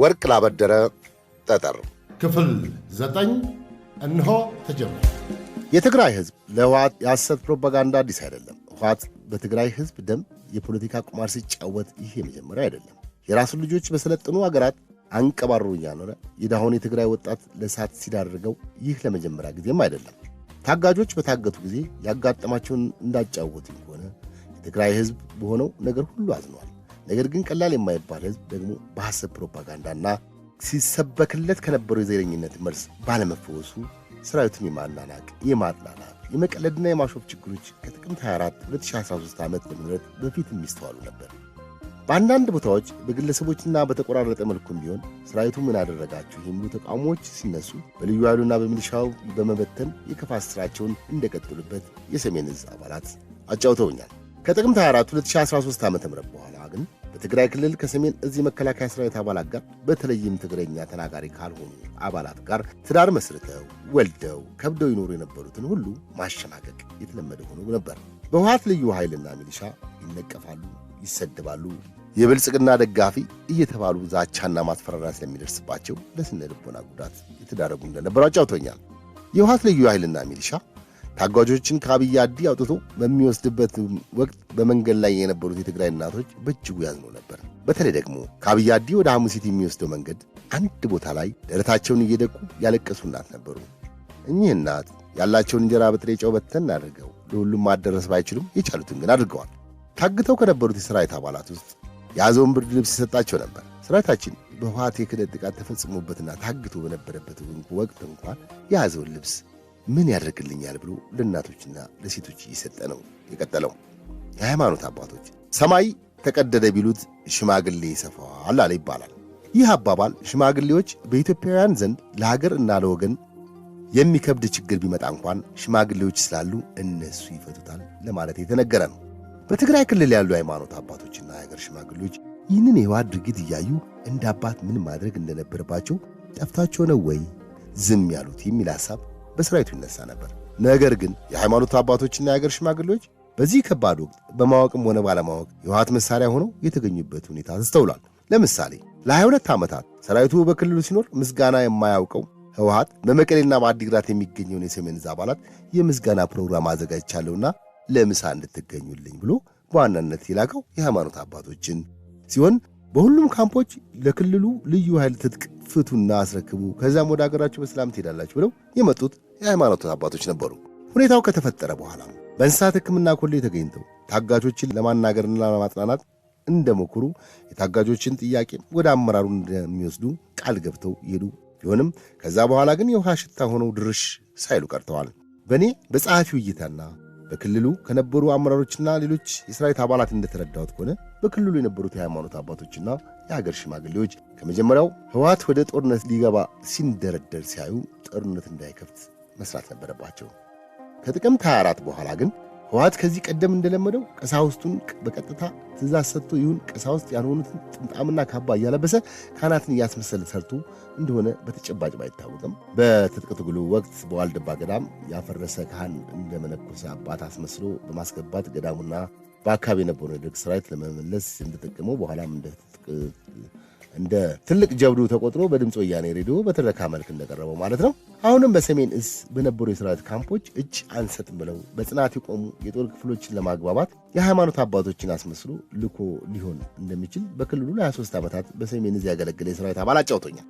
ወርቅ ላበደረ ጠጠር ክፍል ዘጠኝ እንሆ ተጀመረ። የትግራይ ህዝብ ለህወሓት የሐሰት ፕሮፓጋንዳ አዲስ አይደለም። ህወሓት በትግራይ ህዝብ ደም የፖለቲካ ቁማር ሲጫወት ይህ የመጀመሪያ አይደለም። የራሱን ልጆች በሰለጠኑ አገራት አንቀባሩ እያኖረ የዳሁን የትግራይ ወጣት ለእሳት ሲዳርገው ይህ ለመጀመሪያ ጊዜም አይደለም። ታጋጆች በታገቱ ጊዜ ያጋጠማቸውን እንዳጫወቱ ከሆነ የትግራይ ህዝብ በሆነው ነገር ሁሉ አዝኗል። ነገር ግን ቀላል የማይባል ህዝብ ደግሞ በሐሰብ ፕሮፓጋንዳና ሲሰበክለት ከነበረው የዘረኝነት መልስ ባለመፈወሱ ሰራዊቱን የማናናቅ የማጥላላት የመቀለድና የማሾፍ ችግሮች ከጥቅምት 24 2013 ዓ ም በፊት የሚስተዋሉ ነበር። በአንዳንድ ቦታዎች በግለሰቦችና በተቆራረጠ መልኩም ቢሆን ሰራዊቱ ምን አደረጋችሁ የሚሉ ተቃውሞዎች ሲነሱ በልዩ ኃይሉና በሚሊሻው በመበተን የክፋት ስራቸውን እንደቀጠሉበት የሰሜን እዝ አባላት አጫውተውኛል። ከጥቅምት 24 2013 ዓ ም በኋላ ግን በትግራይ ክልል ከሰሜን እዚህ መከላከያ ሰራዊት አባላት ጋር በተለይም ትግረኛ ተናጋሪ ካልሆኑ አባላት ጋር ትዳር መስርተው ወልደው ከብደው ይኖሩ የነበሩትን ሁሉ ማሸማቀቅ የተለመደ ሆኖ ነበር። በውሃት ልዩ ኃይልና ሚሊሻ ይነቀፋሉ፣ ይሰድባሉ። የብልጽግና ደጋፊ እየተባሉ ዛቻና ማስፈራሪያ ስለሚደርስባቸው ለስነ ልቦና ጉዳት የተዳረጉ እንደነበሩ አጫውቶኛል። የውሃት ልዩ ኃይልና ሚሊሻ ታጓጆችን ከአብይ አዲ አውጥቶ በሚወስድበት ወቅት በመንገድ ላይ የነበሩት የትግራይ እናቶች በእጅጉ ያዝኖ ነበር። በተለይ ደግሞ ከአብይ አዲ ወደ ሐሙሲት የሚወስደው መንገድ አንድ ቦታ ላይ ደረታቸውን እየደቁ ያለቀሱ እናት ነበሩ። እኚህ እናት ያላቸውን እንጀራ በጥሬ ጨው በተን አድርገው ለሁሉም ማደረስ ባይችሉም የቻሉትን ግን አድርገዋል። ታግተው ከነበሩት የሰራዊት አባላት ውስጥ የያዘውን ብርድ ልብስ የሰጣቸው ነበር። ሰራዊታችን በህወሓት የክህደት ጥቃት ተፈጽሞበትና ታግቶ በነበረበት ወቅት እንኳን የያዘውን ልብስ ምን ያደርግልኛል ብሎ ለእናቶችና ለሴቶች እየሰጠ ነው የቀጠለው። የሃይማኖት አባቶች ሰማይ ተቀደደ ቢሉት ሽማግሌ ይሰፋዋል አለ ይባላል። ይህ አባባል ሽማግሌዎች በኢትዮጵያውያን ዘንድ ለሀገር እና ለወገን የሚከብድ ችግር ቢመጣ እንኳን ሽማግሌዎች ስላሉ እነሱ ይፈቱታል ለማለት የተነገረ ነው። በትግራይ ክልል ያሉ ሃይማኖት አባቶችና የሀገር ሽማግሌዎች ይህንን የህወሓት ድርጊት እያዩ እንደ አባት ምን ማድረግ እንደነበረባቸው ጠፍታቸው ነው ወይ ዝም ያሉት የሚል ሀሳብ? በሰራዊቱ ይነሳ ነበር። ነገር ግን የሃይማኖት አባቶችና የአገር ሽማግሌዎች በዚህ ከባድ ወቅት በማወቅም ሆነ ባለማወቅ የውሃት መሳሪያ ሆነው የተገኙበት ሁኔታ ተስተውሏል። ለምሳሌ ለ22 ዓመታት ሰራዊቱ በክልሉ ሲኖር ምስጋና የማያውቀው ህወሀት በመቀሌና በአዲግራት የሚገኘውን የሰሜን ዕዝ አባላት የምስጋና ፕሮግራም አዘጋጅቻለሁና ለምሳ እንድትገኙልኝ ብሎ በዋናነት የላከው የሃይማኖት አባቶችን ሲሆን በሁሉም ካምፖች ለክልሉ ልዩ ኃይል ትጥቅ ፍቱና አስረክቡ፣ ከዚያም ወደ አገራችሁ በሰላም ትሄዳላችሁ ብለው የመጡት የሃይማኖት አባቶች ነበሩ። ሁኔታው ከተፈጠረ በኋላ በእንስሳት ሕክምና ኮሌ ተገኝተው ታጋቾችን ለማናገርና ለማጥናናት እንደሞክሩ የታጋጆችን ጥያቄ ወደ አመራሩ እንደሚወስዱ ቃል ገብተው ይሄዱ ቢሆንም ከዛ በኋላ ግን የውሃ ሽታ ሆነው ድርሽ ሳይሉ ቀርተዋል። በእኔ በጸሐፊው እይታና በክልሉ ከነበሩ አመራሮችና ሌሎች የሰራዊት አባላት እንደተረዳሁት ከሆነ በክልሉ የነበሩት የሃይማኖት አባቶችና የሀገር ሽማግሌዎች ከመጀመሪያው ህወሓት ወደ ጦርነት ሊገባ ሲንደረደር ሲያዩ ጦርነት እንዳይከፍት መስራት ነበረባቸው። ከጥቅምት 24 በኋላ ግን ህወሓት ከዚህ ቀደም እንደለመደው ቀሳውስቱን በቀጥታ ትእዛዝ ሰጥቶ ይሁን ቀሳውስት ያልሆኑትን ጥምጣምና ካባ እያለበሰ ካህናትን እያስመሰለ ሰርቶ እንደሆነ በተጨባጭ ባይታወቅም በትጥቅ ትግሉ ወቅት በዋልድባ ገዳም ያፈረሰ ካህን እንደመነኮሰ አባት አስመስሎ በማስገባት ገዳሙና በአካባቢ የነበረው የደርግ ሰራዊት ለመመለስ እንደጠቀመው በኋላም እንደ ትጥቅ እንደ ትልቅ ጀብዱ ተቆጥሮ በድምፅ ወያኔ ሬዲዮ በትረካ መልክ እንደቀረበው ማለት ነው። አሁንም በሰሜን እዝ በነበሩ የስርዓት ካምፖች እጅ አንሰጥም ብለው በጽናት የቆሙ የጦር ክፍሎችን ለማግባባት የሃይማኖት አባቶችን አስመስሎ ልኮ ሊሆን እንደሚችል በክልሉ ለ23 ዓመታት በሰሜን እዝ ያገለገለ የሰራዊት አባል አጫውቶኛል።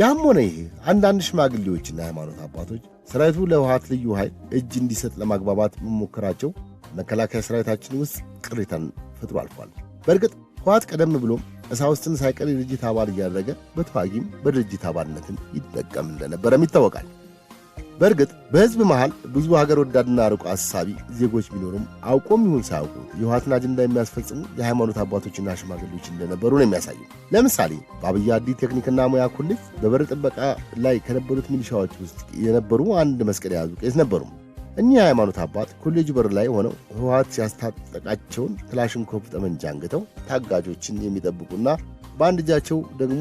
ያም ሆነ ይህ አንዳንድ ሽማግሌዎችና የሃይማኖት አባቶች ሰራዊቱ ለውሃት ልዩ ኃይል እጅ እንዲሰጥ ለማግባባት መሞከራቸው መከላከያ ሰራዊታችን ውስጥ ቅሬታን ፈጥሮ አልፏል። በእርግጥ ህወሓት ቀደም ብሎም ቀሳውስትን ሳይቀር የድርጅት አባል እያደረገ በተዋጊም በድርጅት አባልነትም ይጠቀም እንደነበረም ይታወቃል። በእርግጥ በሕዝብ መሃል ብዙ ሀገር ወዳድና ርቆ አሳቢ ዜጎች ቢኖሩም አውቆም ይሁን ሳያውቁት የውሃትን አጀንዳ የሚያስፈጽሙ የሃይማኖት አባቶችና ሽማግሌዎች እንደነበሩ ነው የሚያሳዩ። ለምሳሌ በአብይ አዲ ቴክኒክና ሙያ ኮሌጅ በበር ጥበቃ ላይ ከነበሩት ሚሊሻዎች ውስጥ የነበሩ አንድ መስቀል የያዙ ቄስ ነበሩ። እኚህ የሃይማኖት አባት ኮሌጁ በር ላይ ሆነው ህወሀት ሲያስታጠቃቸውን ክላሽንኮቭ ጠመንጃ አንግተው ታጋጆችን የሚጠብቁና በአንድ እጃቸው ደግሞ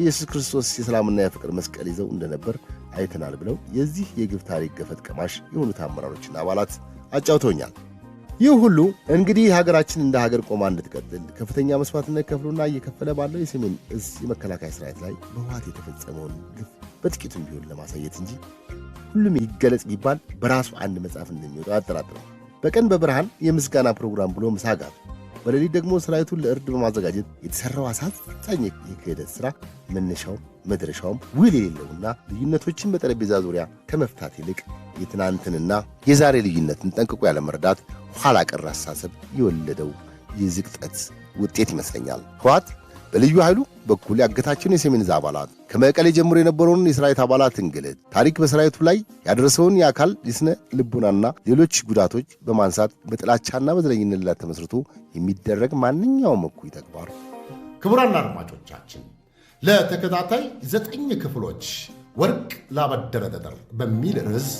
ኢየሱስ ክርስቶስ የሰላምና የፍቅር መስቀል ይዘው እንደነበር አይተናል ብለው የዚህ የግብ ታሪክ ገፈት ቀማሽ የሆኑት አመራሮችና አባላት አጫውተውኛል። ይህ ሁሉ እንግዲህ ሀገራችን እንደ ሀገር ቆማ እንድትቀጥል ከፍተኛ መስዋዕትነት ከፍሎና እየከፈለ ባለው የሰሜን እዝ የመከላከያ ሥርዓት ላይ በህወሓት የተፈጸመውን ግፍ በጥቂቱም ቢሆን ለማሳየት እንጂ ሁሉም ይገለጽ ቢባል በራሱ አንድ መጽሐፍ እንደሚወጣ አያጠራጥርም። በቀን በብርሃን የምስጋና ፕሮግራም ብሎ ምሳ ጋር፣ በሌሊት ደግሞ ሰራዊቱን ለእርድ በማዘጋጀት የተሰራው አሳዝ አሳዛኝ የክህደት ስራ መነሻውም መድረሻውም ውል የሌለውና ልዩነቶችን በጠረጴዛ ዙሪያ ከመፍታት ይልቅ የትናንትንና የዛሬ ልዩነትን ጠንቅቆ ያለመረዳት ኋላ ቀር አስተሳሰብ የወለደው የዝቅጠት ውጤት ይመስለኛል። ህወሓት በልዩ ኃይሉ በኩል ያገታቸውን የሰሜን ዕዝ አባላት ከመቀሌ ጀምሮ የነበረውን የሰራዊት አባላት እንግልት ታሪክ በሰራዊቱ ላይ ያደረሰውን የአካል የሥነ ልቡናና ሌሎች ጉዳቶች በማንሳት በጥላቻና በዘረኝነት ላይ ተመስርቶ የሚደረግ ማንኛውም እኩይ ተግባር። ክቡራን አድማጮቻችን ለተከታታይ ዘጠኝ ክፍሎች ወርቅ ላበደረ ጠጠር በሚል ርዕስ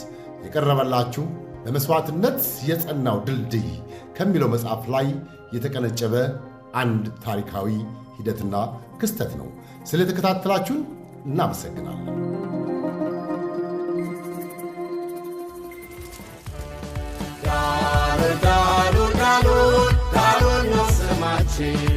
የቀረበላችሁ በመስዋዕትነት የጸናው ድልድይ ከሚለው መጽሐፍ ላይ የተቀነጨበ አንድ ታሪካዊ ሂደትና ክስተት ነው። ስለተከታተላችሁን እናመሰግናለን። ዳሩ ዳሩ ዳሩ ነው ስማችን